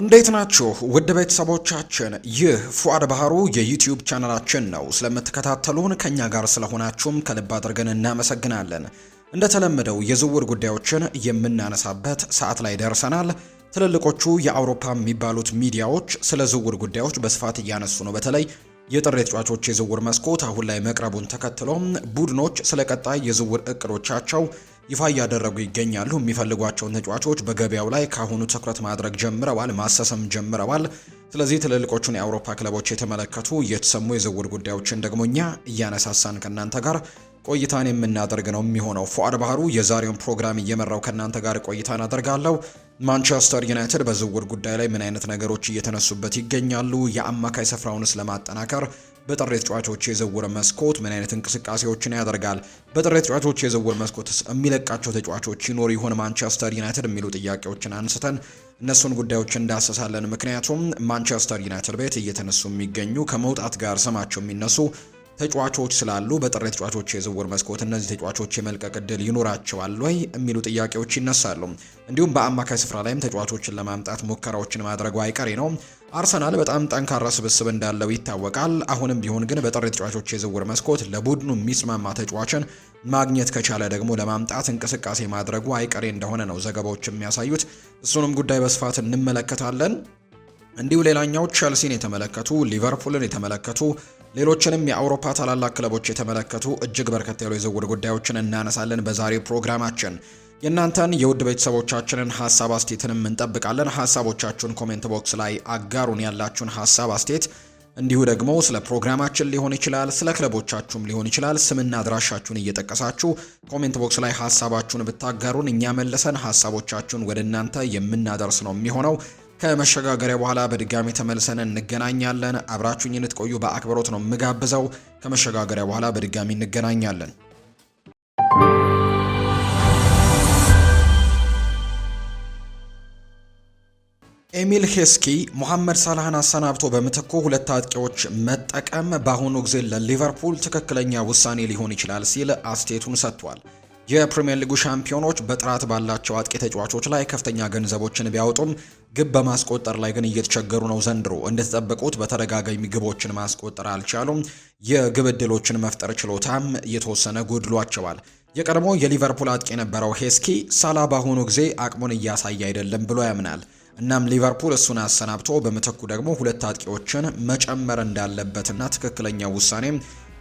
እንዴት ናችሁ ውድ ቤተሰቦቻችን፣ ይህ ፉአድ ባህሩ የዩቲዩብ ቻናላችን ነው። ስለምትከታተሉን ከእኛ ጋር ስለሆናችሁም ከልብ አድርገን እናመሰግናለን። እንደተለመደው የዝውውር ጉዳዮችን የምናነሳበት ሰዓት ላይ ደርሰናል። ትልልቆቹ የአውሮፓ የሚባሉት ሚዲያዎች ስለ ዝውውር ጉዳዮች በስፋት እያነሱ ነው። በተለይ የጥሬ ተጫዋቾች የዝውውር መስኮት አሁን ላይ መቅረቡን ተከትሎ ቡድኖች ስለ ቀጣይ የዝውውር እቅዶቻቸው ይፋ እያደረጉ ይገኛሉ። የሚፈልጓቸውን ተጫዋቾች በገበያው ላይ ካሁኑ ትኩረት ማድረግ ጀምረዋል፣ ማሰሰም ጀምረዋል። ስለዚህ ትልልቆቹን የአውሮፓ ክለቦች የተመለከቱ የተሰሙ የዝውውር ጉዳዮችን ደግሞ እኛ እያነሳሳን ከእናንተ ጋር ቆይታን የምናደርግ ነው የሚሆነው። ፉአድ ባህሩ የዛሬውን ፕሮግራም እየመራው ከእናንተ ጋር ቆይታን አደርጋለሁ። ማንቸስተር ዩናይትድ በዝውውር ጉዳይ ላይ ምን አይነት ነገሮች እየተነሱበት ይገኛሉ? የአማካይ ስፍራውንስ ለማጠናከር በጥሬ ተጫዋቾች የዝውውር መስኮት ምን አይነት እንቅስቃሴዎችን ያደርጋል? በጥሬ ተጫዋቾች የዝውውር መስኮትስ የሚለቃቸው ተጫዋቾች ይኖር ይሆን ማንቸስተር ዩናይትድ የሚሉ ጥያቄዎችን አንስተን እነሱን ጉዳዮች እንዳሰሳለን። ምክንያቱም ማንቸስተር ዩናይትድ ቤት እየተነሱ የሚገኙ ከመውጣት ጋር ስማቸው የሚነሱ ተጫዋቾች ስላሉ በጥር ተጫዋቾች የዝውውር መስኮት እነዚህ ተጫዋቾች የመልቀቅ እድል ይኖራቸዋል ወይ የሚሉ ጥያቄዎች ይነሳሉ። እንዲሁም በአማካይ ስፍራ ላይም ተጫዋቾችን ለማምጣት ሙከራዎችን ማድረጉ አይቀሬ ነው። አርሰናል በጣም ጠንካራ ስብስብ እንዳለው ይታወቃል። አሁንም ቢሆን ግን በጥር ተጫዋቾች የዝውውር መስኮት ለቡድኑ የሚስማማ ተጫዋችን ማግኘት ከቻለ ደግሞ ለማምጣት እንቅስቃሴ ማድረጉ አይቀሬ እንደሆነ ነው ዘገባዎች የሚያሳዩት። እሱንም ጉዳይ በስፋት እንመለከታለን። እንዲሁ ሌላኛው ቸልሲን የተመለከቱ ሊቨርፑልን የተመለከቱ ሌሎችንም የአውሮፓ ታላላቅ ክለቦች የተመለከቱ እጅግ በርከት ያሉ የዝውውር ጉዳዮችን እናነሳለን በዛሬው ፕሮግራማችን። የእናንተን የውድ ቤተሰቦቻችንን ሀሳብ አስቴትንም እንጠብቃለን። ሀሳቦቻችሁን ኮሜንት ቦክስ ላይ አጋሩን። ያላችሁን ሀሳብ አስቴት እንዲሁ ደግሞ ስለ ፕሮግራማችን ሊሆን ይችላል፣ ስለ ክለቦቻችሁም ሊሆን ይችላል። ስምና አድራሻችሁን እየጠቀሳችሁ ኮሜንት ቦክስ ላይ ሀሳባችሁን ብታጋሩን እኛ መልሰን ሀሳቦቻችሁን ወደ እናንተ የምናደርስ ነው የሚሆነው። ከመሸጋገሪያ በኋላ በድጋሚ ተመልሰን እንገናኛለን። አብራችሁኝ እንድትቆዩ በአክብሮት ነው የምጋብዘው። ከመሸጋገሪያ በኋላ በድጋሚ እንገናኛለን። ኤሚል ሄስኪ ሙሐመድ ሳላህን አሰናብቶ በምትኩ ሁለት አጥቂዎች መጠቀም በአሁኑ ጊዜ ለሊቨርፑል ትክክለኛ ውሳኔ ሊሆን ይችላል ሲል አስቴቱን ሰጥቷል። የፕሪምየር ሊጉ ሻምፒዮኖች በጥራት ባላቸው አጥቂ ተጫዋቾች ላይ ከፍተኛ ገንዘቦችን ቢያወጡም ግብ በማስቆጠር ላይ ግን እየተቸገሩ ነው ዘንድሮ። እንደተጠበቁት በተደጋጋሚ ግቦችን ማስቆጠር አልቻሉም። የግብ እድሎችን መፍጠር ችሎታም የተወሰነ ጎድሏቸዋል። የቀድሞ የሊቨርፑል አጥቂ የነበረው ሄስኪ ሳላ በአሁኑ ጊዜ አቅሙን እያሳየ አይደለም ብሎ ያምናል። እናም ሊቨርፑል እሱን አሰናብቶ በምትኩ ደግሞ ሁለት አጥቂዎችን መጨመር እንዳለበትና ትክክለኛ ውሳኔም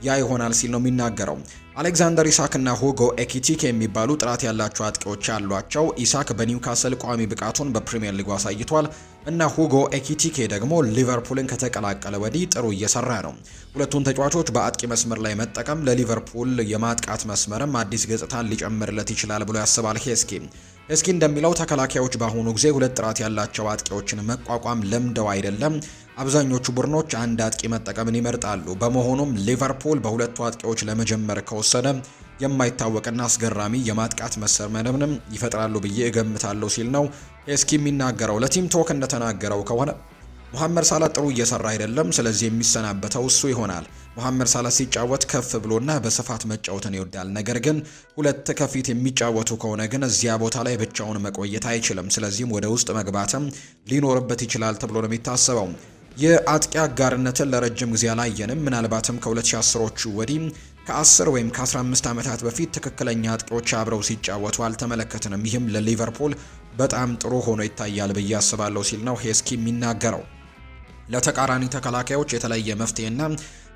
ያ ይሆናል ሲል ነው የሚናገረው። አሌክዛንደር ኢሳክ እና ሁጎ ኤኪቲክ የሚባሉ ጥራት ያላቸው አጥቂዎች ያሏቸው። ኢሳክ በኒውካስል ቋሚ ብቃቱን በፕሪምየር ሊጉ አሳይቷል እና ሁጎ ኤኪቲኬ ደግሞ ሊቨርፑልን ከተቀላቀለ ወዲህ ጥሩ እየሰራ ነው። ሁለቱን ተጫዋቾች በአጥቂ መስመር ላይ መጠቀም ለሊቨርፑል የማጥቃት መስመርም አዲስ ገጽታን ሊጨምርለት ይችላል ብሎ ያስባል ሄስኪ። እስኪ እንደሚለው ተከላካዮች በአሁኑ ጊዜ ሁለት ጥራት ያላቸው አጥቂዎችን መቋቋም ለምደው አይደለም። አብዛኞቹ ቡድኖች አንድ አጥቂ መጠቀምን ይመርጣሉ። በመሆኑም ሊቨርፑል በሁለቱ አጥቂዎች ለመጀመር ከወሰነ የማይታወቅና አስገራሚ የማጥቃት መሰርመንንም ይፈጥራሉ ብዬ እገምታለሁ ሲል ነው ኤስኪ የሚናገረው። ለቲም ቶክ እንደተናገረው ከሆነ መሐመድ ሳላ ጥሩ እየሰራ አይደለም፣ ስለዚህ የሚሰናበተው እሱ ይሆናል። መሐመድ ሳላ ሲጫወት ከፍ ብሎና በስፋት መጫወትን ይወዳል። ነገር ግን ሁለት ከፊት የሚጫወቱ ከሆነ ግን እዚያ ቦታ ላይ ብቻውን መቆየት አይችልም። ስለዚህም ወደ ውስጥ መግባትም ሊኖርበት ይችላል ተብሎ ነው የሚታሰበው። የአጥቂ አጋርነትን ለረጅም ጊዜ አላየንም። ምናልባትም ከ2010ዎቹ ወዲህ ከ10 ወይም ከ15 ዓመታት በፊት ትክክለኛ አጥቂዎች አብረው ሲጫወቱ አልተመለከትንም። ይህም ለሊቨርፑል በጣም ጥሩ ሆኖ ይታያል ብዬ አስባለሁ ሲል ነው ሄስኪ የሚናገረው። ለተቃራኒ ተከላካዮች የተለየ መፍትሄና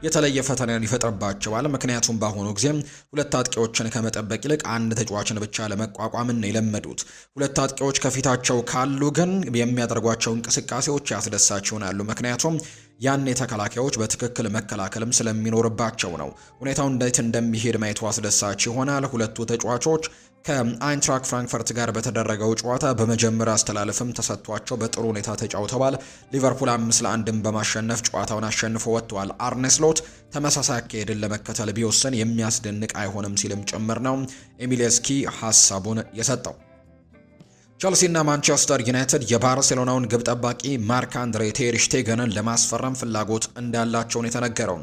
የተለየ ፈተናን ይፈጥርባቸዋል። ምክንያቱም በአሁኑ ጊዜ ሁለት አጥቂዎችን ከመጠበቅ ይልቅ አንድ ተጫዋችን ብቻ ለመቋቋምን ነው የለመዱት። ሁለት አጥቂዎች ከፊታቸው ካሉ ግን የሚያደርጓቸው እንቅስቃሴዎች ያስደሳች ይሆናሉ። ምክንያቱም ያኔ ተከላካዮች በትክክል መከላከልም ስለሚኖርባቸው ነው። ሁኔታው እንዴት እንደሚሄድ ማየቱ አስደሳች ይሆናል። ሁለቱ ተጫዋቾች ከአይንትራክ ፍራንክፈርት ጋር በተደረገው ጨዋታ በመጀመሪያ አስተላለፍም ተሰጥቷቸው በጥሩ ሁኔታ ተጫውተዋል። ሊቨርፑል አምስት ለአንድም በማሸነፍ ጨዋታውን አሸንፎ ወጥቷል። አርኔስሎት ተመሳሳይ አካሄድን ለመከተል ቢወሰን የሚያስደንቅ አይሆንም ሲልም ጭምር ነው ኤሚሌስኪ ሀሳቡን የሰጠው። ቸልሲ እና ማንቸስተር ዩናይትድ የባርሴሎናውን ግብ ጠባቂ ማርክ አንድሬ ቴር ሽቴገንን ለማስፈረም ፍላጎት እንዳላቸውን የተነገረው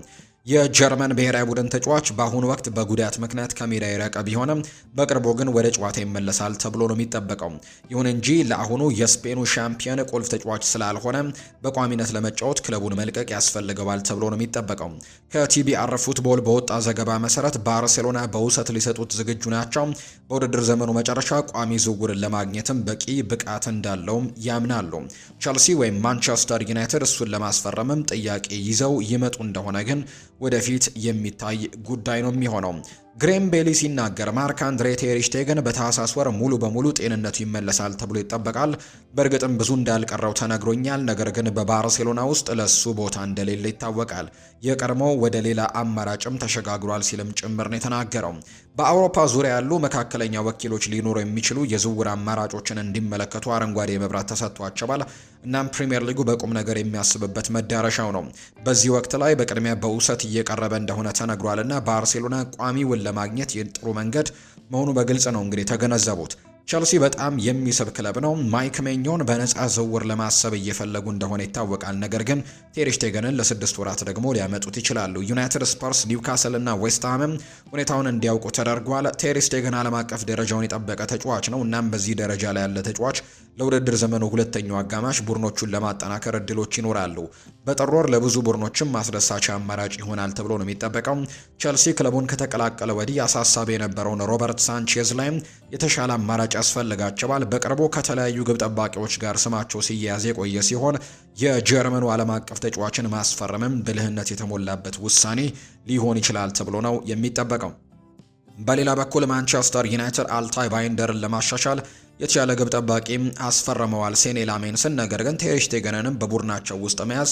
የጀርመን ብሔራዊ ቡድን ተጫዋች በአሁኑ ወቅት በጉዳት ምክንያት ከሜዳ የራቀ ቢሆንም በቅርቡ ግን ወደ ጨዋታ ይመለሳል ተብሎ ነው የሚጠበቀው። ይሁን እንጂ ለአሁኑ የስፔኑ ሻምፒዮን ቁልፍ ተጫዋች ስላልሆነ በቋሚነት ለመጫወት ክለቡን መልቀቅ ያስፈልገዋል ተብሎ ነው የሚጠበቀው። ከቲቢአር ፉትቦል በወጣ ዘገባ መሰረት ባርሴሎና በውሰት ሊሰጡት ዝግጁ ናቸው፣ በውድድር ዘመኑ መጨረሻ ቋሚ ዝውውርን ለማግኘትም በቂ ብቃት እንዳለውም ያምናሉ። ቸልሲ ወይም ማንቸስተር ዩናይትድ እሱን ለማስፈረምም ጥያቄ ይዘው ይመጡ እንደሆነ ግን ወደፊት የሚታይ ጉዳይ ነው የሚሆነው። ግሬም ቤሊ ሲናገር ማርክ አንድሬ ቴሪሽቴገን በታህሳስ ወር ሙሉ በሙሉ ጤንነቱ ይመለሳል ተብሎ ይጠበቃል። በእርግጥም ብዙ እንዳልቀረው ተነግሮኛል፣ ነገር ግን በባርሴሎና ውስጥ ለሱ ቦታ እንደሌለ ይታወቃል። የቀድሞ ወደ ሌላ አማራጭም ተሸጋግሯል ሲልም ጭምር ነው የተናገረው። በአውሮፓ ዙሪያ ያሉ መካከለኛ ወኪሎች ሊኖሩ የሚችሉ የዝውውር አማራጮችን እንዲመለከቱ አረንጓዴ መብራት ተሰጥቷቸዋል። እናም ፕሪምየር ሊጉ በቁም ነገር የሚያስብበት መዳረሻው ነው። በዚህ ወቅት ላይ በቅድሚያ በውሰት እየቀረበ እንደሆነ ተነግሯል እና ባርሴሎና ቋሚውን ለማግኘት ጥሩ መንገድ መሆኑ በግልጽ ነው እንግዲህ ተገነዘቡት። ቸልሲ በጣም የሚስብ ክለብ ነው። ማይክ ሜኞን በነፃ ዝውውር ለማሰብ እየፈለጉ እንደሆነ ይታወቃል። ነገር ግን ቴሪሽቴገንን ለስድስት ወራት ደግሞ ሊያመጡት ይችላሉ። ዩናይትድ፣ ስፐርስ፣ ኒውካስል እና ዌስትሃምም ሁኔታውን እንዲያውቁ ተደርጓል። ቴሪሽቴገን ዓለም አቀፍ ደረጃውን የጠበቀ ተጫዋች ነው። እናም በዚህ ደረጃ ላይ ያለ ተጫዋች ለውድድር ዘመኑ ሁለተኛው አጋማሽ ቡድኖቹን ለማጠናከር እድሎች ይኖራሉ። በጥር ወር ለብዙ ቡድኖችም አስደሳች አማራጭ ይሆናል ተብሎ ነው የሚጠበቀው። ቸልሲ ክለቡን ከተቀላቀለ ወዲህ አሳሳቢ የነበረውን ሮበርት ሳንቼዝ ላይም የተሻለ አማራጭ ያስፈልጋቸዋል። በቅርቡ ከተለያዩ ግብ ጠባቂዎች ጋር ስማቸው ሲያያዝ የቆየ ሲሆን የጀርመኑ ዓለም አቀፍ ተጫዋችን ማስፈረምም ብልህነት የተሞላበት ውሳኔ ሊሆን ይችላል ተብሎ ነው የሚጠበቀው። በሌላ በኩል ማንቸስተር ዩናይትድ አልታይ ባይንደርን ለማሻሻል የተሻለ ግብ ጠባቂ አስፈርመዋል ሴኔ ላሜንስን። ነገር ግን ቴር ሽቴገንንም በቡድናቸው ውስጥ መያዝ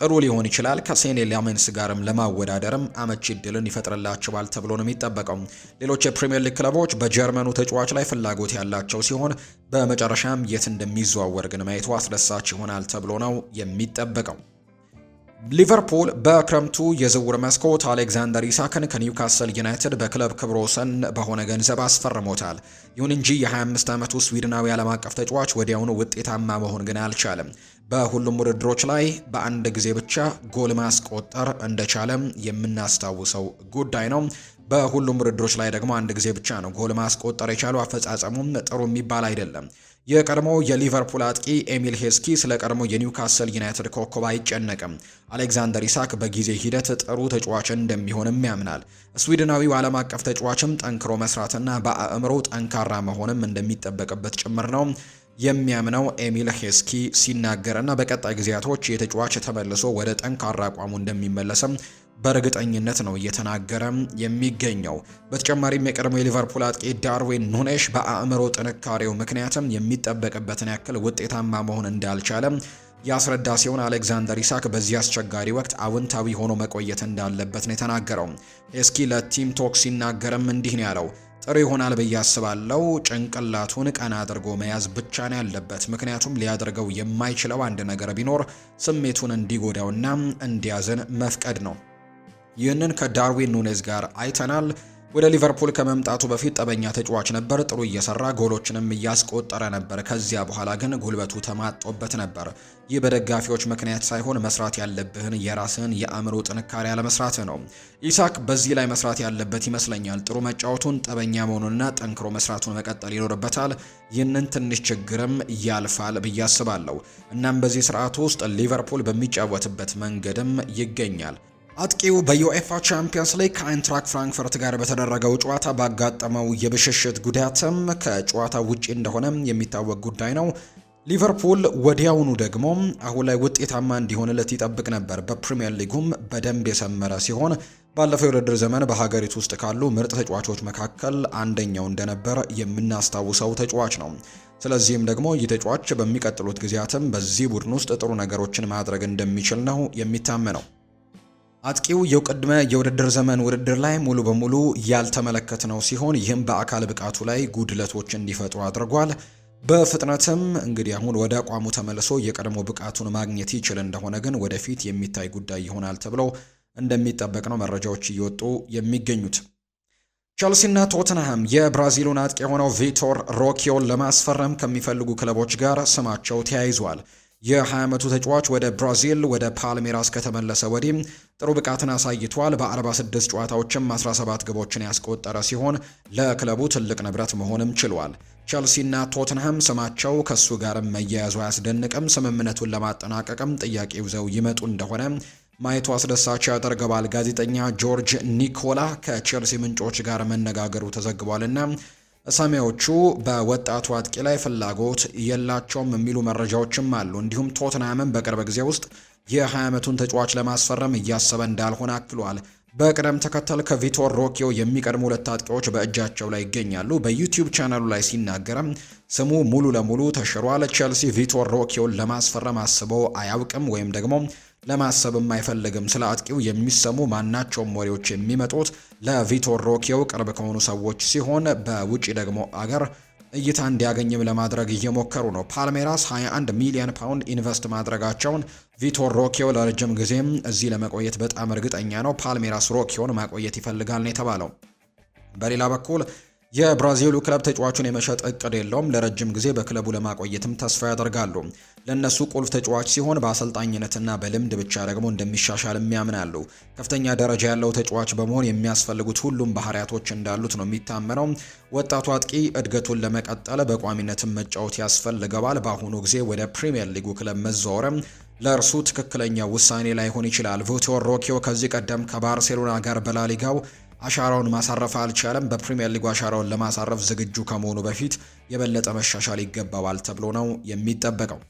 ጥሩ ሊሆን ይችላል። ከሴኔ ሊያሜንስ ጋርም ለማወዳደርም አመቺ እድልን ይፈጥርላቸዋል ተብሎ ነው የሚጠበቀው። ሌሎች የፕሪምየር ሊግ ክለቦች በጀርመኑ ተጫዋች ላይ ፍላጎት ያላቸው ሲሆን በመጨረሻም የት እንደሚዘዋወር ግን ማየቱ አስደሳች ይሆናል ተብሎ ነው የሚጠበቀው። ሊቨርፑል በክረምቱ የዝውውር መስኮት አሌክዛንደር ኢሳክን ከኒውካስል ዩናይትድ በክለብ ክብረ ወሰን በሆነ ገንዘብ አስፈርሞታል። ይሁን እንጂ የ25 ዓመቱ ስዊድናዊ ዓለም አቀፍ ተጫዋች ወዲያውኑ ውጤታማ መሆን ግን አልቻለም። በሁሉም ውድድሮች ላይ በአንድ ጊዜ ብቻ ጎል ማስቆጠር እንደቻለም የምናስታውሰው ጉዳይ ነው። በሁሉም ውድድሮች ላይ ደግሞ አንድ ጊዜ ብቻ ነው ጎል ማስቆጠር የቻለው። አፈጻጸሙም ጥሩ የሚባል አይደለም። የቀድሞ የሊቨርፑል አጥቂ ኤሚል ሄስኪ ስለ ቀድሞ የኒውካስል ዩናይትድ ኮከብ አይጨነቅም። አሌክዛንደር ኢሳክ በጊዜ ሂደት ጥሩ ተጫዋች እንደሚሆንም ያምናል። ስዊድናዊው ዓለም አቀፍ ተጫዋችም ጠንክሮ መስራትና በአእምሮ ጠንካራ መሆንም እንደሚጠበቅበት ጭምር ነው የሚያምነው ኤሚል ሄስኪ ሲናገርና በቀጣይ ጊዜያቶች የተጫዋች ተመልሶ ወደ ጠንካራ አቋሙ እንደሚመለስም በእርግጠኝነት ነው እየተናገረ የሚገኘው። በተጨማሪም የቀድሞ የሊቨርፑል አጥቂ ዳርዊን ኑኔሽ በአእምሮ ጥንካሬው ምክንያትም የሚጠበቅበትን ያክል ውጤታማ መሆን እንዳልቻለም ያስረዳ ሲሆን አሌክዛንደር ኢሳክ በዚህ አስቸጋሪ ወቅት አውንታዊ ሆኖ መቆየት እንዳለበት ነው የተናገረው። ሄስኪ ለቲም ቶክ ሲናገርም እንዲህ ነው ያለው ጥሩ ይሆናል ብዬ አስባለሁ። ጭንቅላቱን ቀና አድርጎ መያዝ ብቻ ነው ያለበት። ምክንያቱም ሊያደርገው የማይችለው አንድ ነገር ቢኖር ስሜቱን እንዲጎዳውና እንዲያዝን መፍቀድ ነው። ይህንን ከዳርዊን ኑኔዝ ጋር አይተናል። ወደ ሊቨርፑል ከመምጣቱ በፊት ጠበኛ ተጫዋች ነበር። ጥሩ እየሰራ ጎሎችንም እያስቆጠረ ነበር። ከዚያ በኋላ ግን ጉልበቱ ተማጦበት ነበር። ይህ በደጋፊዎች ምክንያት ሳይሆን መስራት ያለብህን የራስህን የአእምሮ ጥንካሬ አለመስራትህ ነው። ኢሳክ በዚህ ላይ መስራት ያለበት ይመስለኛል። ጥሩ መጫወቱን፣ ጠበኛ መሆኑንና ጠንክሮ መስራቱን መቀጠል ይኖርበታል። ይህንን ትንሽ ችግርም ያልፋል ብዬ አስባለሁ። እናም በዚህ ስርዓት ውስጥ ሊቨርፑል በሚጫወትበት መንገድም ይገኛል። አጥቂው በዩኤፋ ቻምፒየንስ ሊግ ከአይንትራክ ፍራንክፈርት ጋር በተደረገው ጨዋታ ባጋጠመው የብሽሽት ጉዳትም ከጨዋታ ውጪ እንደሆነ የሚታወቅ ጉዳይ ነው። ሊቨርፑል ወዲያውኑ ደግሞ አሁን ላይ ውጤታማ እንዲሆንለት ይጠብቅ ነበር። በፕሪምየር ሊጉም በደንብ የሰመረ ሲሆን ባለፈው የውድድር ዘመን በሀገሪቱ ውስጥ ካሉ ምርጥ ተጫዋቾች መካከል አንደኛው እንደነበር የምናስታውሰው ተጫዋች ነው። ስለዚህም ደግሞ ይህ ተጫዋች በሚቀጥሉት ጊዜያትም በዚህ ቡድን ውስጥ ጥሩ ነገሮችን ማድረግ እንደሚችል ነው የሚታመነው። አጥቂው የቅድመ የውድድር ዘመን ውድድር ላይ ሙሉ በሙሉ ያልተመለከት ነው ሲሆን ይህም በአካል ብቃቱ ላይ ጉድለቶች እንዲፈጥሩ አድርጓል። በፍጥነትም እንግዲህ አሁን ወደ አቋሙ ተመልሶ የቀድሞ ብቃቱን ማግኘት ይችል እንደሆነ ግን ወደፊት የሚታይ ጉዳይ ይሆናል ተብሎ እንደሚጠበቅ ነው መረጃዎች እየወጡ የሚገኙት። ቸልሲና ቶትንሃም የብራዚሉን አጥቂ የሆነው ቪቶር ሮኪዮን ለማስፈረም ከሚፈልጉ ክለቦች ጋር ስማቸው ተያይዟል። የ20 ዓመቱ ተጫዋች ወደ ብራዚል ወደ ፓልሜራስ ከተመለሰ ወዲህ ጥሩ ብቃትን አሳይቷል። በ46 ጨዋታዎችም 17 ግቦችን ያስቆጠረ ሲሆን ለክለቡ ትልቅ ንብረት መሆንም ችሏል። ቸልሲና ቶትንሃም ስማቸው ከሱ ጋርም መያያዙ አያስደንቅም። ስምምነቱን ለማጠናቀቅም ጥያቄ ይዘው ይመጡ እንደሆነ ማየቱ አስደሳች ያደርገዋል። ጋዜጠኛ ጆርጅ ኒኮላ ከቸልሲ ምንጮች ጋር መነጋገሩ ተዘግቧልና ሰሜዎቹ በወጣቱ አጥቂ ላይ ፍላጎት የላቸውም የሚሉ መረጃዎችም አሉ። እንዲሁም ቶትናምን በቅርብ ጊዜ ውስጥ የ20 ዓመቱን ተጫዋች ለማስፈረም እያሰበ እንዳልሆነ አክሏል። በቅደም ተከተል ከቪቶር ሮኪዮ የሚቀድሙ ሁለት አጥቂዎች በእጃቸው ላይ ይገኛሉ። በዩቲዩብ ቻናሉ ላይ ሲናገርም ስሙ ሙሉ ለሙሉ ተሽሯል። ቼልሲ ቪቶር ሮኪዮን ለማስፈረም አስበው አያውቅም ወይም ደግሞ ለማሰብም አይፈልግም። ስለ አጥቂው የሚሰሙ ማናቸውም ወሬዎች የሚመጡት ለቪቶር ሮኪዮ ቅርብ ከሆኑ ሰዎች ሲሆን በውጪ ደግሞ አገር እይታ እንዲያገኝም ለማድረግ እየሞከሩ ነው። ፓልሜራስ 21 ሚሊዮን ፓውንድ ኢንቨስት ማድረጋቸውን ቪቶር ሮኪዮ ለረጅም ጊዜም እዚህ ለመቆየት በጣም እርግጠኛ ነው። ፓልሜራስ ሮኪዮን ማቆየት ይፈልጋል ነው የተባለው። በሌላ በኩል የብራዚሉ ክለብ ተጫዋቹን የመሸጥ እቅድ የለውም። ለረጅም ጊዜ በክለቡ ለማቆየትም ተስፋ ያደርጋሉ። ለእነሱ ቁልፍ ተጫዋች ሲሆን በአሰልጣኝነትና በልምድ ብቻ ደግሞ እንደሚሻሻልም ያምናሉ። ከፍተኛ ደረጃ ያለው ተጫዋች በመሆን የሚያስፈልጉት ሁሉም ባህሪያቶች እንዳሉት ነው የሚታመነው። ወጣቱ አጥቂ እድገቱን ለመቀጠል በቋሚነትም መጫወት ያስፈልገዋል። በአሁኑ ጊዜ ወደ ፕሪምየር ሊጉ ክለብ መዛወርም ለእርሱ ትክክለኛ ውሳኔ ላይሆን ይችላል። ቪቶር ሮኪዮ ከዚህ ቀደም ከባርሴሎና ጋር በላሊጋው አሻራውን ማሳረፍ አልቻለም። በፕሪምየር ሊጉ አሻራውን ለማሳረፍ ዝግጁ ከመሆኑ በፊት የበለጠ መሻሻል ይገባዋል ተብሎ ነው የሚጠበቀው።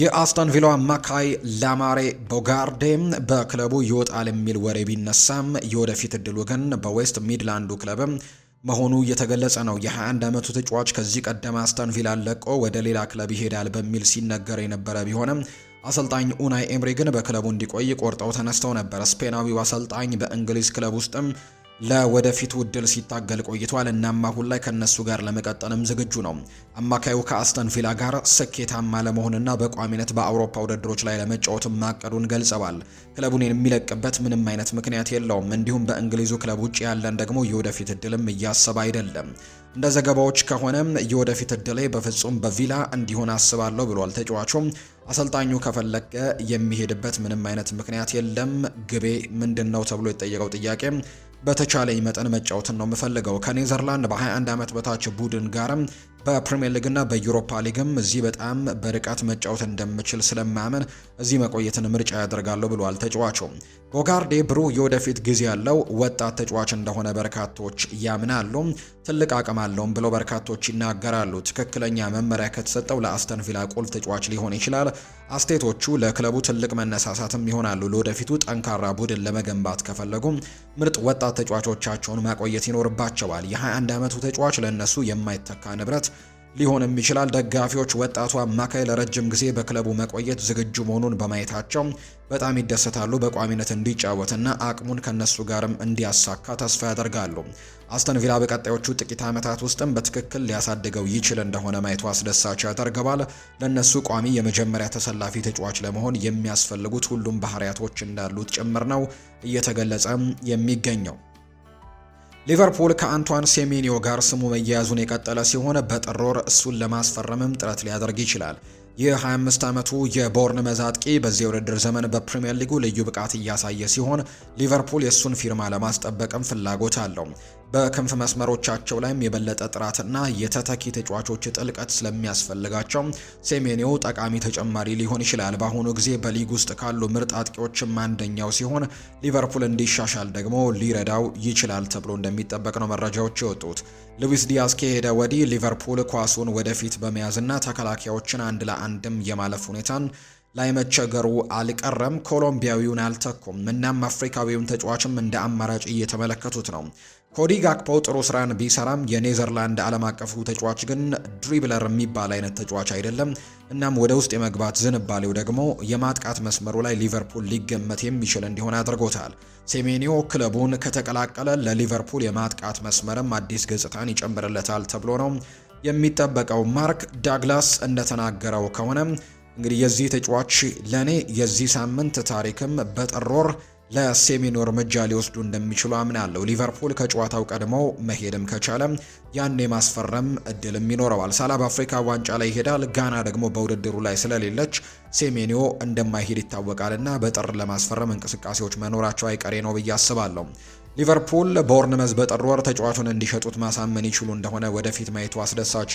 የአስተን ቪላ አማካይ ላማሬ ቦጋርዴም በክለቡ ይወጣል የሚል ወሬ ቢነሳም የወደፊት እድሉ ግን በዌስት ሚድላንዱ ክለብም መሆኑ እየተገለጸ ነው። የ21 ዓመቱ ተጫዋች ከዚህ ቀደም አስተን ቪላ ለቆ ወደ ሌላ ክለብ ይሄዳል በሚል ሲነገር የነበረ ቢሆንም አሰልጣኝ ኡናይ ኤምሪ ግን በክለቡ እንዲቆይ ቆርጠው ተነስተው ነበር። ስፔናዊው አሰልጣኝ በእንግሊዝ ክለብ ውስጥም ለወደፊቱ እድል ሲታገል ቆይቷል። እናም አሁን ላይ ከነሱ ጋር ለመቀጠልም ዝግጁ ነው። አማካዩ ከአስተን ቪላ ጋር ስኬታማ ለመሆንና በቋሚነት በአውሮፓ ውድድሮች ላይ ለመጫወት ማቀዱን ገልጸዋል። ክለቡን የሚለቅበት ምንም አይነት ምክንያት የለውም። እንዲሁም በእንግሊዙ ክለብ ውጭ ያለን ደግሞ የወደፊት እድልም እያሰበ አይደለም። እንደ ዘገባዎች ከሆነ የወደፊት እድሌ በፍጹም በቪላ እንዲሆን አስባለሁ ብሏል ተጫዋቹም። አሰልጣኙ ከፈለገ የሚሄድበት ምንም አይነት ምክንያት የለም። ግቤ ምንድን ነው ተብሎ የጠየቀው ጥያቄ በተቻለኝ መጠን መጫወትን ነው የምፈልገው። ከኔዘርላንድ በ21 ዓመት በታች ቡድን ጋርም በፕሪምየር ሊግና በዩሮፓ ሊግም እዚህ በጣም በርቀት መጫወት እንደምችል ስለማመን እዚህ መቆየትን ምርጫ ያደርጋለሁ ብሏል ተጫዋቹ። ቦጋርዴ ብሩህ የወደፊት ጊዜ ያለው ወጣት ተጫዋች እንደሆነ በርካቶች ያምናሉ። ትልቅ አቅም አለውም ብለው በርካቶች ይናገራሉ። ትክክለኛ መመሪያ ከተሰጠው ለአስተን ቪላ ቁልፍ ተጫዋች ሊሆን ይችላል። አስቴቶቹ ለክለቡ ትልቅ መነሳሳትም ይሆናሉ። ለወደፊቱ ጠንካራ ቡድን ለመገንባት ከፈለጉ ምርጥ ወጣት ተጫዋቾቻቸውን ማቆየት ይኖርባቸዋል። የ21 ዓመቱ ተጫዋች ለእነሱ የማይተካ ንብረት ሊሆንም ይችላል። ደጋፊዎች ወጣቱ አማካይ ለረጅም ጊዜ በክለቡ መቆየት ዝግጁ መሆኑን በማየታቸው በጣም ይደሰታሉ። በቋሚነት እንዲጫወትና አቅሙን ከነሱ ጋርም እንዲያሳካ ተስፋ ያደርጋሉ። አስተን ቪላ በቀጣዮቹ ጥቂት ዓመታት ውስጥም በትክክል ሊያሳድገው ይችል እንደሆነ ማየቱ አስደሳች ያደርገዋል። ለእነሱ ቋሚ የመጀመሪያ ተሰላፊ ተጫዋች ለመሆን የሚያስፈልጉት ሁሉም ባህሪያቶች እንዳሉት ጭምር ነው እየተገለጸ የሚገኘው። ሊቨርፑል ከአንቷን ሴሜኒዮ ጋር ስሙ መያያዙን የቀጠለ ሲሆን በጥር ወር እሱን ለማስፈረምም ጥረት ሊያደርግ ይችላል። የ25 ዓመቱ የቦርን መዛጥቂ በዚህ የውድድር ዘመን በፕሪምየር ሊጉ ልዩ ብቃት እያሳየ ሲሆን ሊቨርፑል የእሱን ፊርማ ለማስጠበቅም ፍላጎት አለው። በክንፍ መስመሮቻቸው ላይም የበለጠ ጥራትና የተተኪ ተጫዋቾች ጥልቀት ስለሚያስፈልጋቸው ሴሜንዮ ጠቃሚ ተጨማሪ ሊሆን ይችላል። በአሁኑ ጊዜ በሊግ ውስጥ ካሉ ምርጥ አጥቂዎችም አንደኛው ሲሆን ሊቨርፑል እንዲሻሻል ደግሞ ሊረዳው ይችላል ተብሎ እንደሚጠበቅ ነው መረጃዎች የወጡት። ሉዊስ ዲያስ ከሄደ ወዲህ ሊቨርፑል ኳሱን ወደፊት በመያዝና ተከላካዮችን አንድ ለአንድም የማለፍ ሁኔታን ላይ መቸገሩ አልቀረም። ኮሎምቢያዊውን አልተኩም እናም አፍሪካዊውን ተጫዋችም እንደ አማራጭ እየተመለከቱት ነው። ኮዲ ጋክፖ ጥሩ ስራን ቢሰራም የኔዘርላንድ ዓለም አቀፉ ተጫዋች ግን ድሪብለር የሚባል አይነት ተጫዋች አይደለም። እናም ወደ ውስጥ የመግባት ዝንባሌው ደግሞ የማጥቃት መስመሩ ላይ ሊቨርፑል ሊገመት የሚችል እንዲሆን አድርጎታል። ሴሜኒዮ ክለቡን ከተቀላቀለ ለሊቨርፑል የማጥቃት መስመርም አዲስ ገጽታን ይጨምርለታል ተብሎ ነው የሚጠበቀው። ማርክ ዳግላስ እንደተናገረው ከሆነ እንግዲህ የዚህ ተጫዋች ለእኔ የዚህ ሳምንት ታሪክም በጥር ወር ለሴሜኑ እርምጃ ሊወስዱ እንደሚችሉ አምናለሁ። ሊቨርፑል ከጨዋታው ቀድሞ መሄድም ከቻለም ያን የማስፈረም እድልም ይኖረዋል። ሳላ በአፍሪካ ዋንጫ ላይ ይሄዳል። ጋና ደግሞ በውድድሩ ላይ ስለሌለች ሴሜኒዮ እንደማይሄድ ይታወቃልና በጥር ለማስፈረም እንቅስቃሴዎች መኖራቸው አይቀሬ ነው ብዬ አስባለሁ። ሊቨርፑል ቦርንመዝ በጥር ወር ተጫዋቹን እንዲሸጡት ማሳመን ይችሉ እንደሆነ ወደፊት ማየቱ አስደሳች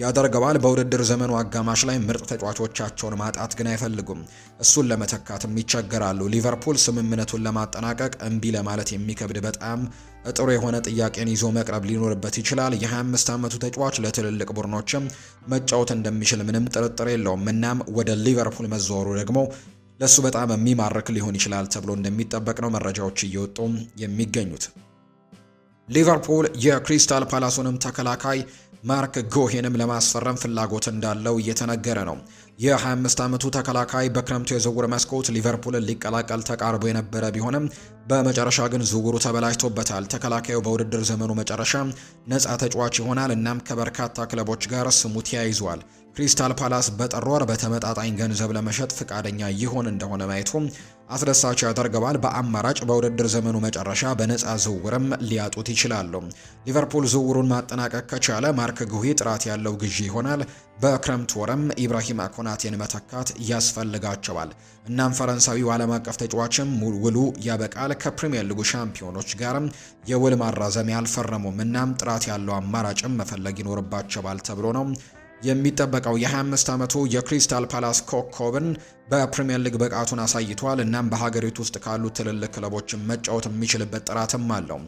ያደርገዋል። በውድድር ዘመኑ አጋማሽ ላይ ምርጥ ተጫዋቾቻቸውን ማጣት ግን አይፈልጉም። እሱን ለመተካትም ይቸገራሉ። ሊቨርፑል ስምምነቱን ለማጠናቀቅ እምቢ ለማለት የሚከብድ በጣም ጥሩ የሆነ ጥያቄን ይዞ መቅረብ ሊኖርበት ይችላል። የ25 ዓመቱ ተጫዋች ለትልልቅ ቡድኖችም መጫወት እንደሚችል ምንም ጥርጥር የለውም። እናም ወደ ሊቨርፑል መዘወሩ ደግሞ ለእሱ በጣም የሚማርክ ሊሆን ይችላል ተብሎ እንደሚጠበቅ ነው መረጃዎች እየወጡ የሚገኙት። ሊቨርፑል የክሪስታል ፓላሱንም ተከላካይ ማርክ ጎሄንም ለማስፈረም ፍላጎት እንዳለው እየተነገረ ነው። የ25 ዓመቱ ተከላካይ በክረምቱ የዝውውር መስኮት ሊቨርፑልን ሊቀላቀል ተቃርቦ የነበረ ቢሆንም በመጨረሻ ግን ዝውውሩ ተበላሽቶበታል። ተከላካዩ በውድድር ዘመኑ መጨረሻ ነፃ ተጫዋች ይሆናል፣ እናም ከበርካታ ክለቦች ጋር ስሙ ተያይዟል። ክሪስታል ፓላስ በጥር ወር በተመጣጣኝ ገንዘብ ለመሸጥ ፍቃደኛ ይሆን እንደሆነ ማየቱ አስደሳች ያደርገዋል። በአማራጭ በውድድር ዘመኑ መጨረሻ በነፃ ዝውውርም ሊያጡት ይችላሉ። ሊቨርፑል ዝውውሩን ማጠናቀቅ ከቻለ ማርክ ጉሂ ጥራት ያለው ግዢ ይሆናል። በክረምት ወረም ኢብራሂማ ኮናቴን መተካት ያስፈልጋቸዋል። እናም ፈረንሳዊው ዓለም አቀፍ ተጫዋችም ውሉ ያበቃል። ከፕሪምየር ሊጉ ሻምፒዮኖች ጋርም የውል ማራዘም ያልፈረሙም እናም ጥራት ያለው አማራጭም መፈለግ ይኖርባቸዋል ተብሎ ነው የሚጠበቀው የ25 ዓመቱ የክሪስታል ፓላስ ኮከብን በፕሪምየር ሊግ ብቃቱን አሳይቷል። እናም በሀገሪቱ ውስጥ ካሉ ትልልቅ ክለቦችን መጫወት የሚችልበት ጥራትም አለው።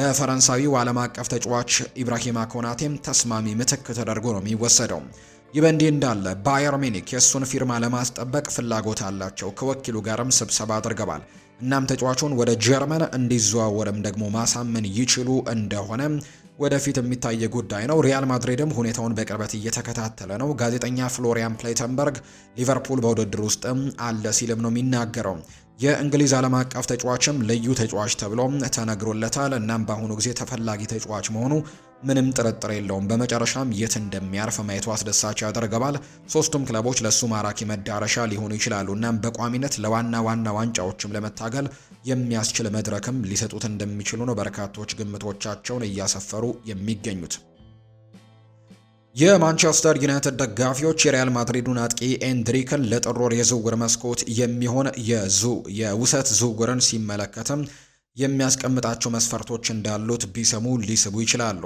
ለፈረንሳዊው ዓለም አቀፍ ተጫዋች ኢብራሂማ ኮናቴም ተስማሚ ምትክ ተደርጎ ነው የሚወሰደው። ይህ በእንዲህ እንዳለ ባየር ሚኒክ የእሱን ፊርማ ለማስጠበቅ ፍላጎት አላቸው። ከወኪሉ ጋርም ስብሰባ አድርገዋል። እናም ተጫዋቹን ወደ ጀርመን እንዲዘዋወርም ደግሞ ማሳመን ይችሉ እንደሆነ ወደፊት የሚታየ ጉዳይ ነው። ሪያል ማድሪድም ሁኔታውን በቅርበት እየተከታተለ ነው። ጋዜጠኛ ፍሎሪያን ፕሌተንበርግ ሊቨርፑል በውድድር ውስጥም አለ ሲልም ነው የሚናገረው። የእንግሊዝ ዓለም አቀፍ ተጫዋችም ልዩ ተጫዋች ተብሎ ተነግሮለታል። እናም በአሁኑ ጊዜ ተፈላጊ ተጫዋች መሆኑ ምንም ጥርጥር የለውም። በመጨረሻም የት እንደሚያርፍ ማየቱ አስደሳች ያደርገዋል። ሶስቱም ክለቦች ለእሱ ማራኪ መዳረሻ ሊሆኑ ይችላሉ። እናም በቋሚነት ለዋና ዋና ዋንጫዎችም ለመታገል የሚያስችል መድረክም ሊሰጡት እንደሚችሉ ነው በርካቶች ግምቶቻቸውን እያሰፈሩ የሚገኙት። የማንቸስተር ዩናይትድ ደጋፊዎች የሪያል ማድሪዱን አጥቂ ኤንድሪክን ለጥር የዝውውር መስኮት የሚሆን የውሰት ዝውውርን ሲመለከትም የሚያስቀምጣቸው መስፈርቶች እንዳሉት ቢሰሙ ሊስቡ ይችላሉ።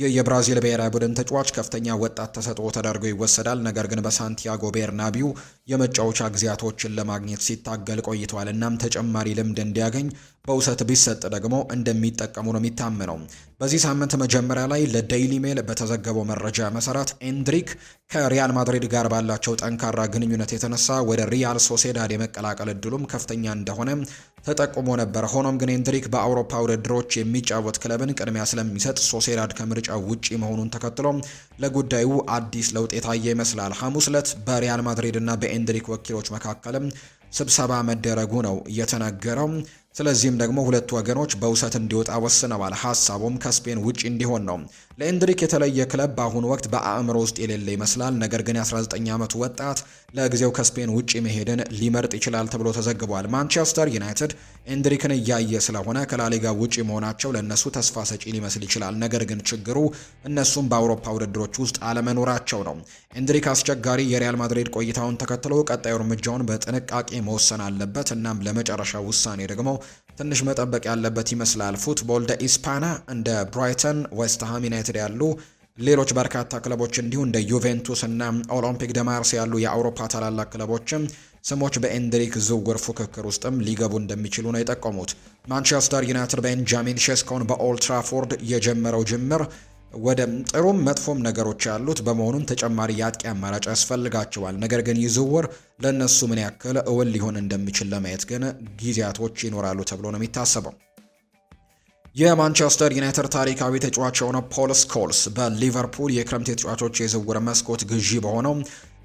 ይህ የብራዚል ብሔራዊ ቡድን ተጫዋች ከፍተኛ ወጣት ተሰጥኦ ተደርጎ ይወሰዳል። ነገር ግን በሳንቲያጎ ቤርናቢው የመጫወቻ ጊዜያቶችን ለማግኘት ሲታገል ቆይቷል። እናም ተጨማሪ ልምድ እንዲያገኝ በውሰት ቢሰጥ ደግሞ እንደሚጠቀሙ ነው የሚታመነው። በዚህ ሳምንት መጀመሪያ ላይ ለዴይሊ ሜል በተዘገበው መረጃ መሰረት ኤንድሪክ ከሪያል ማድሪድ ጋር ባላቸው ጠንካራ ግንኙነት የተነሳ ወደ ሪያል ሶሴዳድ የመቀላቀል እድሉም ከፍተኛ እንደሆነ ተጠቁሞ ነበር። ሆኖም ግን ኤንድሪክ በአውሮፓ ውድድሮች የሚጫወት ክለብን ቅድሚያ ስለሚሰጥ ሶሴዳድ ከምርጫ ውጪ መሆኑን ተከትሎ ለጉዳዩ አዲስ ለውጥ የታየ ይመስላል። ሐሙስ ዕለት በሪያል ማድሪድ እና በኤንድሪክ ወኪሎች መካከልም ስብሰባ መደረጉ ነው እየተነገረው። ስለዚህም ደግሞ ሁለቱ ወገኖች በውሰት እንዲወጣ ወስነዋል። ሀሳቡም ከስፔን ውጪ እንዲሆን ነው። ለኤንድሪክ የተለየ ክለብ በአሁኑ ወቅት በአእምሮ ውስጥ የሌለ ይመስላል። ነገር ግን የ19 ዓመቱ ወጣት ለጊዜው ከስፔን ውጭ መሄድን ሊመርጥ ይችላል ተብሎ ተዘግቧል። ማንቸስተር ዩናይትድ ኤንድሪክን እያየ ስለሆነ ከላሊጋ ውጪ መሆናቸው ለእነሱ ተስፋ ሰጪ ሊመስል ይችላል። ነገር ግን ችግሩ እነሱም በአውሮፓ ውድድሮች ውስጥ አለመኖራቸው ነው። ኤንድሪክ አስቸጋሪ የሪያል ማድሪድ ቆይታውን ተከትሎ ቀጣዩ እርምጃውን በጥንቃቄ መወሰን አለበት። እናም ለመጨረሻ ውሳኔ ደግሞ ትንሽ መጠበቅ ያለበት ይመስላል። ፉትቦል ደ ኢስፓና እንደ ብራይተን፣ ዌስትሃም ዩናይትድ ያሉ ሌሎች በርካታ ክለቦች እንዲሁ እንደ ዩቬንቱስ እና ኦሎምፒክ ደማርስ ያሉ የአውሮፓ ታላላቅ ክለቦችም ስሞች በኤንድሪክ ዝውውር ፉክክር ውስጥም ሊገቡ እንደሚችሉ ነው የጠቆሙት። ማንቸስተር ዩናይትድ ቤንጃሚን ሼስኮን በኦልትራፎርድ የጀመረው ጅምር ወደ ጥሩም መጥፎም ነገሮች ያሉት በመሆኑም ተጨማሪ የአጥቂ አማራጭ ያስፈልጋቸዋል። ነገር ግን ይህ ለእነሱ ምን ያክል እውን ሊሆን እንደሚችል ለማየት ግን ጊዜያቶች ይኖራሉ ተብሎ ነው የሚታሰበው። የማንቸስተር ዩናይትድ ታሪካዊ ተጫዋች የሆነው ፖል ስኮልስ በሊቨርፑል የክረምት የተጫዋቾች የዝውውር መስኮት ግዢ በሆነው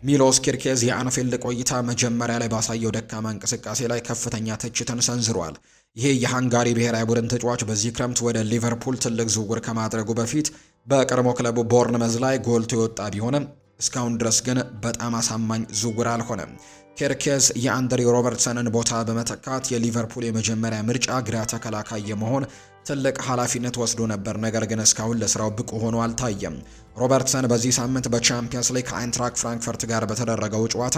ሚሎስ ኪርኬዝ የአንፊልድ ቆይታ መጀመሪያ ላይ ባሳየው ደካማ እንቅስቃሴ ላይ ከፍተኛ ትችትን ሰንዝሯል። ይሄ የሃንጋሪ ብሔራዊ ቡድን ተጫዋች በዚህ ክረምት ወደ ሊቨርፑል ትልቅ ዝውውር ከማድረጉ በፊት በቀድሞ ክለቡ ቦርንመዝ ላይ ጎልቶ የወጣ ቢሆንም እስካሁን ድረስ ግን በጣም አሳማኝ ዝውውር አልሆነም። ኬርኬዝ የአንድሬ ሮበርትሰንን ቦታ በመተካት የሊቨርፑል የመጀመሪያ ምርጫ ግራ ተከላካይ የመሆን ትልቅ ኃላፊነት ወስዶ ነበር፣ ነገር ግን እስካሁን ለስራው ብቁ ሆኖ አልታየም። ሮበርትሰን በዚህ ሳምንት በቻምፒየንስ ሊግ ከአይንትራክ ፍራንክፈርት ጋር በተደረገው ጨዋታ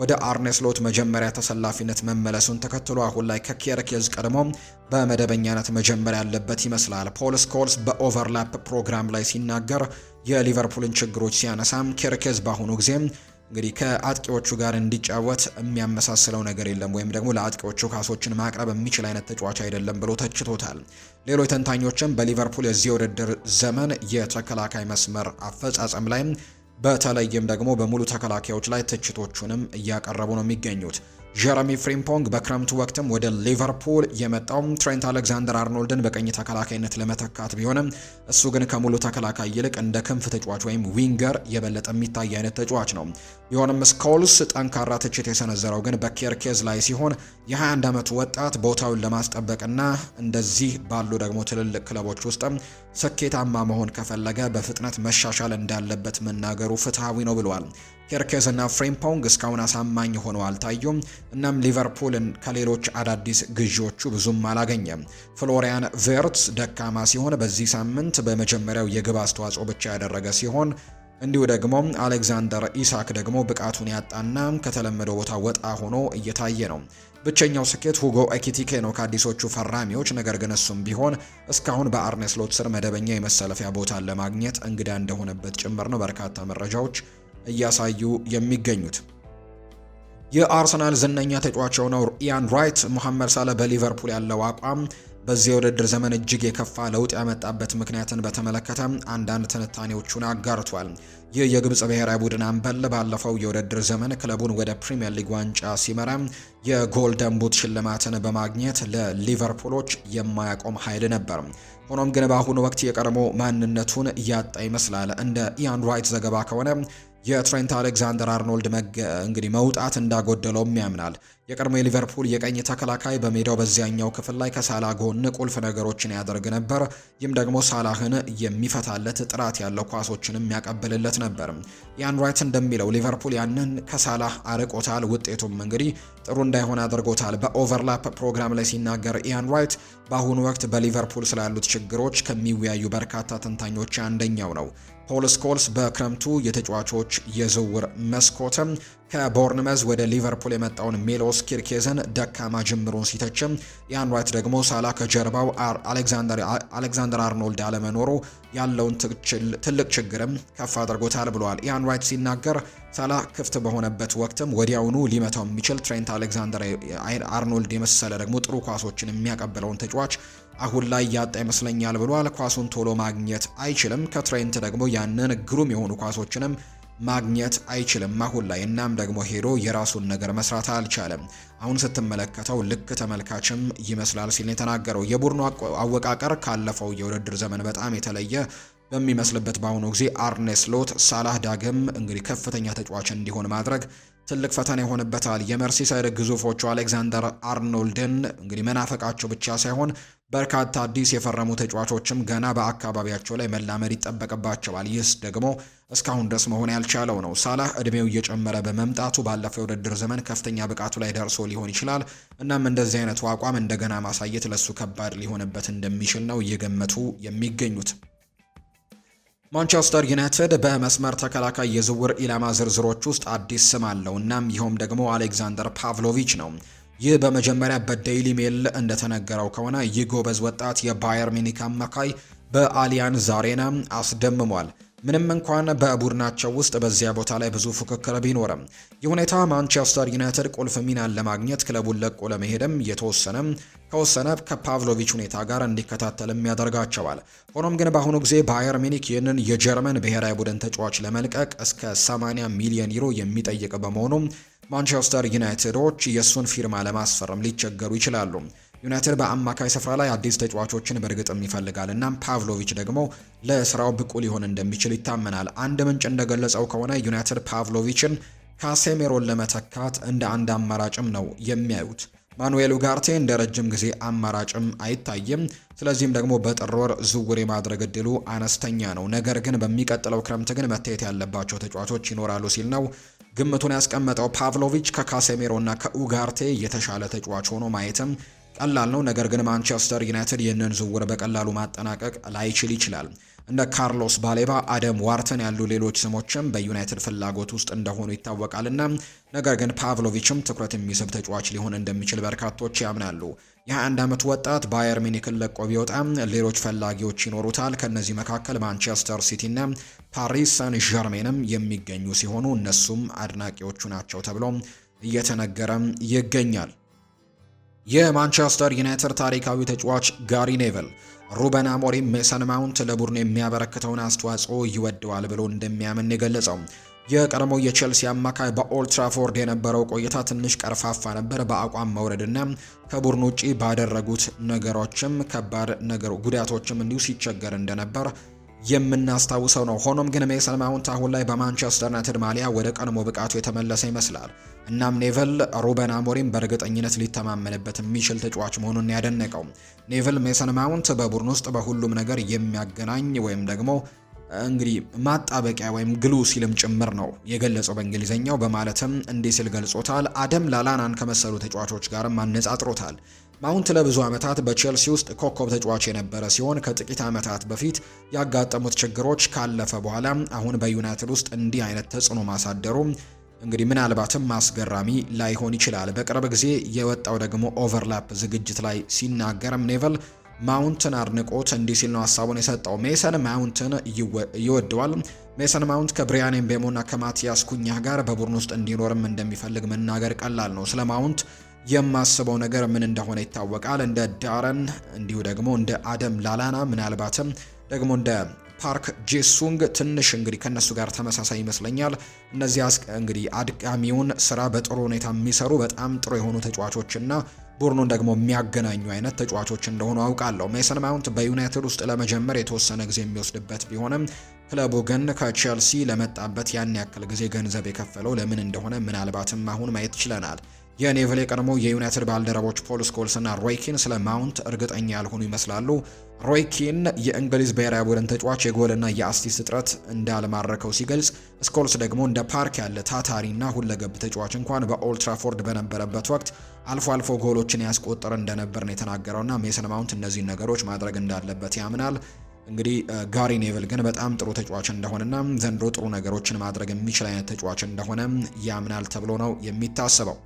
ወደ አርኔስሎት መጀመሪያ ተሰላፊነት መመለሱን ተከትሎ አሁን ላይ ከኬርኬዝ ቀድሞ በመደበኛነት መጀመሪያ ያለበት ይመስላል። ፖል ስኮልስ በኦቨርላፕ ፕሮግራም ላይ ሲናገር የሊቨርፑልን ችግሮች ሲያነሳም ኬርኬዝ በአሁኑ ጊዜ እንግዲህ ከአጥቂዎቹ ጋር እንዲጫወት የሚያመሳስለው ነገር የለም ወይም ደግሞ ለአጥቂዎቹ ካሶችን ማቅረብ የሚችል አይነት ተጫዋች አይደለም ብሎ ተችቶታል። ሌሎች ተንታኞችም በሊቨርፑል የዚህ ውድድር ዘመን የተከላካይ መስመር አፈጻጸም ላይ በተለይም ደግሞ በሙሉ ተከላካዮች ላይ ትችቶቹንም እያቀረቡ ነው የሚገኙት። ጀረሚ ፍሪምፖንግ በክረምቱ ወቅትም ወደ ሊቨርፑል የመጣው ትሬንት አሌክዛንደር አርኖልድን በቀኝ ተከላካይነት ለመተካት ቢሆንም እሱ ግን ከሙሉ ተከላካይ ይልቅ እንደ ክንፍ ተጫዋች ወይም ዊንገር የበለጠ የሚታይ አይነት ተጫዋች ነው። ቢሆንም ስኮልስ ጠንካራ ትችት የሰነዘረው ግን በኬርኬዝ ላይ ሲሆን የ21 ዓመቱ ወጣት ቦታውን ለማስጠበቅና እንደዚህ ባሉ ደግሞ ትልልቅ ክለቦች ውስጥም ስኬታማ መሆን ከፈለገ በፍጥነት መሻሻል እንዳለበት መናገሩ ፍትሐዊ ነው ብለዋል። ሄርኬዝና ፍሬምፖንግ እስካሁን አሳማኝ ሆነው አልታዩም። እናም ሊቨርፑልን ከሌሎች አዳዲስ ግዢዎቹ ብዙም አላገኘም። ፍሎሪያን ቬርትስ ደካማ ሲሆን በዚህ ሳምንት በመጀመሪያው የግብ አስተዋጽኦ ብቻ ያደረገ ሲሆን እንዲሁ ደግሞ አሌክዛንደር ኢሳክ ደግሞ ብቃቱን ያጣና ከተለመደው ቦታ ወጣ ሆኖ እየታየ ነው። ብቸኛው ስኬት ሁጎ ኤኪቲኬ ነው ከአዲሶቹ ፈራሚዎች። ነገር ግን እሱም ቢሆን እስካሁን በአርኔ ሎት ስር መደበኛ የመሰለፊያ ቦታን ለማግኘት እንግዳ እንደሆነበት ጭምር ነው በርካታ መረጃዎች እያሳዩ የሚገኙት። የአርሰናል ዝነኛ ተጫዋች የሆነው ኢያን ራይት ሙሐመድ ሳለ በሊቨርፑል ያለው አቋም በዚህ የውድድር ዘመን እጅግ የከፋ ለውጥ ያመጣበት ምክንያትን በተመለከተ አንዳንድ ትንታኔዎቹን አጋርቷል። ይህ የግብፅ ብሔራዊ ቡድን አምበል ባለፈው የውድድር ዘመን ክለቡን ወደ ፕሪምየር ሊግ ዋንጫ ሲመራ የጎልደን ቡት ሽልማትን በማግኘት ለሊቨርፑሎች የማያቆም ኃይል ነበር። ሆኖም ግን በአሁኑ ወቅት የቀድሞ ማንነቱን እያጣ ይመስላል። እንደ ኢያን ራይት ዘገባ ከሆነ የትሬንት አሌክዛንደር አርኖልድ እንግዲህ መውጣት እንዳጎደለውም ያምናል። የቀድሞ የሊቨርፑል የቀኝ ተከላካይ በሜዳው በዚያኛው ክፍል ላይ ከሳላ ጎን ቁልፍ ነገሮችን ያደርግ ነበር። ይህም ደግሞ ሳላህን የሚፈታለት ጥራት ያለው ኳሶችንም ያቀብልለት ነበር። ያን ራይት እንደሚለው ሊቨርፑል ያንን ከሳላህ አርቆታል። ውጤቱም እንግዲህ ጥሩ እንዳይሆን አድርጎታል። በኦቨርላፕ ፕሮግራም ላይ ሲናገር ኢያን ራይት በአሁኑ ወቅት በሊቨርፑል ስላሉት ችግሮች ከሚወያዩ በርካታ ተንታኞች አንደኛው ነው። ፖል ስኮልስ በክረምቱ የተጫዋቾች የዝውውር መስኮትም ከቦርንመዝ ወደ ሊቨርፑል የመጣውን ሜሎስ ኪርኬዝን ደካማ ጅምሩን ሲተችም፣ ያን ራይት ደግሞ ሳላ ከጀርባው አሌክዛንደር አርኖልድ አለመኖሩ ያለውን ትልቅ ችግርም ከፍ አድርጎታል ብለዋል። ያን ራይት ሲናገር ሳላ ክፍት በሆነበት ወቅትም ወዲያውኑ ሊመታው የሚችል ትሬንት አሌክዛንደር አርኖልድ የመሰለ ደግሞ ጥሩ ኳሶችን የሚያቀብለውን ተጫዋች አሁን ላይ ያጣ ይመስለኛል ብሏል። ኳሱን ቶሎ ማግኘት አይችልም። ከትሬንት ደግሞ ያንን ግሩም የሆኑ ኳሶችንም ማግኘት አይችልም አሁን ላይ። እናም ደግሞ ሄዶ የራሱን ነገር መስራት አልቻለም። አሁን ስትመለከተው ልክ ተመልካችም ይመስላል ሲል የተናገረው የቡድኑ አወቃቀር ካለፈው የውድድር ዘመን በጣም የተለየ በሚመስልበት በአሁኑ ጊዜ አርኔ ስሎት ሳላህ ዳግም እንግዲህ ከፍተኛ ተጫዋች እንዲሆን ማድረግ ትልቅ ፈተና ይሆንበታል። የመርሲሳይድ ግዙፎቹ አሌክዛንደር አርኖልድን እንግዲህ መናፈቃቸው ብቻ ሳይሆን በርካታ አዲስ የፈረሙ ተጫዋቾችም ገና በአካባቢያቸው ላይ መላመድ ይጠበቅባቸዋል። ይህስ ደግሞ እስካሁን ድረስ መሆን ያልቻለው ነው። ሳላህ እድሜው እየጨመረ በመምጣቱ ባለፈው የውድድር ዘመን ከፍተኛ ብቃቱ ላይ ደርሶ ሊሆን ይችላል። እናም እንደዚህ አይነቱ አቋም እንደገና ማሳየት ለሱ ከባድ ሊሆንበት እንደሚችል ነው እየገመቱ የሚገኙት። ማንቸስተር ዩናይትድ በመስመር ተከላካይ የዝውውር ኢላማ ዝርዝሮች ውስጥ አዲስ ስም አለው። እናም ይኸውም ደግሞ አሌክዛንደር ፓቭሎቪች ነው። ይህ በመጀመሪያ በዴይሊ ሜል እንደተነገረው ከሆነ ይህ ጎበዝ ወጣት የባየር ሚኒክ አማካይ በአሊያንዝ አሬና አስደምሟል። ምንም እንኳን በቡድናቸው ውስጥ በዚያ ቦታ ላይ ብዙ ፉክክር ቢኖርም የሁኔታ ማንቸስተር ዩናይትድ ቁልፍ ሚናን ለማግኘት ክለቡን ለቆ ለመሄድም የተወሰነ ከወሰነ ከፓቭሎቪች ሁኔታ ጋር እንዲከታተልም ያደርጋቸዋል። ሆኖም ግን በአሁኑ ጊዜ ባየር ሚኒክ ይህንን የጀርመን ብሔራዊ ቡድን ተጫዋች ለመልቀቅ እስከ 80 ሚሊዮን ዩሮ የሚጠይቅ በመሆኑ ማንቸስተር ዩናይትዶች የእሱን ፊርማ ለማስፈረም ሊቸገሩ ይችላሉ። ዩናይትድ በአማካይ ስፍራ ላይ አዲስ ተጫዋቾችን በእርግጥም ይፈልጋል። እና ፓቭሎቪች ደግሞ ለስራው ብቁ ሊሆን እንደሚችል ይታመናል። አንድ ምንጭ እንደገለጸው ከሆነ ዩናይትድ ፓቭሎቪችን ካሴሜሮን ለመተካት እንደ አንድ አማራጭም ነው የሚያዩት። ማኑኤል ኡጋርቴ እንደ ረጅም ጊዜ አማራጭም አይታይም። ስለዚህም ደግሞ በጥር ወር ዝውውር የማድረግ እድሉ አነስተኛ ነው። ነገር ግን በሚቀጥለው ክረምት ግን መታየት ያለባቸው ተጫዋቾች ይኖራሉ ሲል ነው ግምቱን ያስቀመጠው ፓቭሎቪች እና ከኡጋርቴ የተሻለ ተጫዋች ሆኖ ማየትም ቀላል ነው። ነገር ግን ማንቸስተር ዩናይትድ ይህንን ዝውውር በቀላሉ ማጠናቀቅ ላይችል ይችላል። እንደ ካርሎስ ባሌባ፣ አደም ዋርተን ያሉ ሌሎች ስሞችም በዩናይትድ ፍላጎት ውስጥ እንደሆኑ ይታወቃልና ነገር ግን ፓቭሎቪችም ትኩረት የሚስብ ተጫዋች ሊሆን እንደሚችል በርካቶች ያምናሉ። የ21 ዓመት ወጣት ባየር ሚኒክን ለቆ ቢወጣም ሌሎች ፈላጊዎች ይኖሩታል። ከእነዚህ መካከል ማንቸስተር ሲቲና ፓሪስ ሳን ዠርሜንም የሚገኙ ሲሆኑ እነሱም አድናቂዎቹ ናቸው ተብሎ እየተነገረም ይገኛል። የማንቸስተር ዩናይትድ ታሪካዊ ተጫዋች ጋሪ ኔቨል ሩበን አሞሪም ሜሰን ማውንት ለቡድኑ የሚያበረክተውን አስተዋጽኦ ይወደዋል ብሎ እንደሚያምን የገለጸው የቀድሞ የቼልሲ አማካይ በኦልትራፎርድ የነበረው ቆይታ ትንሽ ቀርፋፋ ነበር። በአቋም መውረድና ከቡድኑ ውጪ ባደረጉት ነገሮችም ከባድ ነገሩ ጉዳቶችም እንዲሁ ሲቸገር እንደነበር የምናስታውሰው ነው። ሆኖም ግን ሜሰን ማውንት አሁን ላይ በማንቸስተር ዩናይትድ ማሊያ ወደ ቀድሞ ብቃቱ የተመለሰ ይመስላል። እናም ኔቨል ሩበን አሞሪም በእርግጠኝነት ሊተማመንበት የሚችል ተጫዋች መሆኑን ያደነቀው ኔቨል ሜሰን ማውንት በቡድን ውስጥ በሁሉም ነገር የሚያገናኝ ወይም ደግሞ እንግዲህ ማጣበቂያ ወይም ግሉ ሲልም ጭምር ነው የገለጸው በእንግሊዝኛው። በማለትም እንዲህ ሲል ገልጾታል። አደም ላላናን ከመሰሉ ተጫዋቾች ጋርም አነጻጥሮታል። ማውንት ለብዙ ዓመታት በቼልሲ ውስጥ ኮከብ ተጫዋች የነበረ ሲሆን ከጥቂት ዓመታት በፊት ያጋጠሙት ችግሮች ካለፈ በኋላ አሁን በዩናይትድ ውስጥ እንዲህ አይነት ተጽዕኖ ማሳደሩ እንግዲህ ምናልባትም ማስገራሚ ላይሆን ይችላል። በቅርብ ጊዜ የወጣው ደግሞ ኦቨርላፕ ዝግጅት ላይ ሲናገርም ኔቨል ማውንትን አድንቆት እንዲህ ሲል ነው ሀሳቡን የሰጠው። ሜሰን ማውንትን ይወደዋል። ሜሰን ማውንት ከብሪያን ኤምቤሞና ከማቲያስ ኩኛ ጋር በቡድን ውስጥ እንዲኖርም እንደሚፈልግ መናገር ቀላል ነው። ስለ ማውንት የማስበው ነገር ምን እንደሆነ ይታወቃል። እንደ ዳረን እንዲሁ ደግሞ እንደ አደም ላላና ምናልባትም ደግሞ እንደ ፓርክ ጄሱንግ ትንሽ እንግዲህ ከነሱ ጋር ተመሳሳይ ይመስለኛል። እነዚያ እንግዲህ አድቃሚውን ስራ በጥሩ ሁኔታ የሚሰሩ በጣም ጥሩ የሆኑ ተጫዋቾችና ቡድኑን ደግሞ የሚያገናኙ አይነት ተጫዋቾች እንደሆኑ አውቃለሁ። ሜሰን ማውንት በዩናይትድ ውስጥ ለመጀመር የተወሰነ ጊዜ የሚወስድበት ቢሆንም ክለቡ ግን ከቼልሲ ለመጣበት ያን ያክል ጊዜ ገንዘብ የከፈለው ለምን እንደሆነ ምናልባትም አሁን ማየት ችለናል። የኔቭል የቀድሞ የዩናይትድ ባልደረቦች ፖል ስኮልስ እና ሮይኪን ስለ ማውንት እርግጠኛ ያልሆኑ ይመስላሉ። ሮይኪን የእንግሊዝ ብሔራዊ ቡድን ተጫዋች የጎልና የአስቲስ እጥረት እንዳልማረከው ሲገልጽ፣ ስኮልስ ደግሞ እንደ ፓርክ ያለ ታታሪና ሁለገብ ተጫዋች እንኳን በኦልትራፎርድ በነበረበት ወቅት አልፎ አልፎ ጎሎችን ያስቆጠረ እንደነበር ነው የተናገረውና ሜሰን ማውንት እነዚህን ነገሮች ማድረግ እንዳለበት ያምናል። እንግዲህ ጋሪ ኔቭል ግን በጣም ጥሩ ተጫዋች እንደሆነና ዘንድሮ ጥሩ ነገሮችን ማድረግ የሚችል አይነት ተጫዋች እንደሆነ ያምናል ተብሎ ነው የሚታሰበው።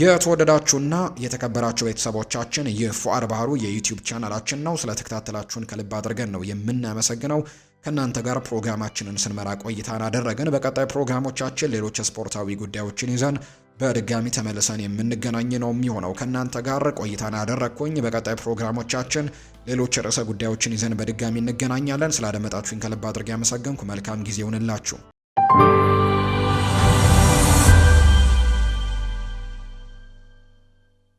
የተወደዳችሁና የተከበራችሁ ቤተሰቦቻችን ይህ ፉአድ ባህሩ የዩቲዩብ ቻናላችን ነው። ስለተከታተላችሁን ከልብ አድርገን ነው የምናመሰግነው። ከእናንተ ጋር ፕሮግራማችንን ስንመራ ቆይታን አደረግን። በቀጣይ ፕሮግራሞቻችን ሌሎች ስፖርታዊ ጉዳዮችን ይዘን በድጋሚ ተመልሰን የምንገናኝ ነው የሚሆነው። ከእናንተ ጋር ቆይታን አደረግኩኝ። በቀጣይ ፕሮግራሞቻችን ሌሎች ርዕሰ ጉዳዮችን ይዘን በድጋሚ እንገናኛለን። ስላደመጣችሁኝ ከልብ አድርጌ አመሰገንኩ መልካም ጊዜ ይሁንላችሁ።